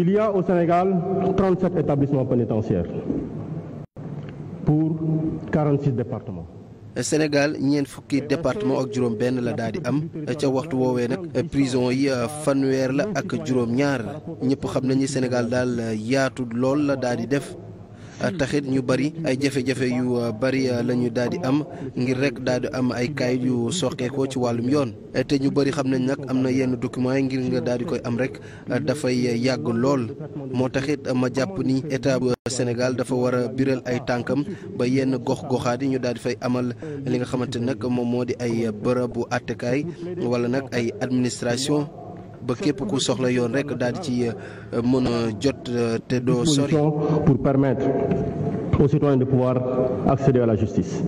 Il y a au Sénégal 37 établissements pénitentiaires pour 46 départements. Sénégal ñeent fukki département ak juróom benn la daal di am ca waxtu woowee nag prison yi fanweer la ak juróom ñaar ñëpp xam nañu Sénégal daal yaatu lool la daal di def taxit ñu bari ay jafe-jafe yu uh, bari uh, la ñu daal di am ngir rek daal di am ay kayit yu soqeekoo ci wàllum yoon uh, te ñu bari xam nañ nag am na yenn documents yi ngir nga daal di koy am rek dafay yàgg lool moo taxit ma jàpp ni état bu Sénégal dafa war a biral ay tànkam ba yenn gox goxaat yi ñu daal di fay amal li nga xamante nag moom moo di ay bërëbu àttekaay wala nag ay administration. ba képp ku soxla yoon rek daal ci euh, mën jot euh, te doo sori pour permettre aux citoyens de pouvoir accéder à la justice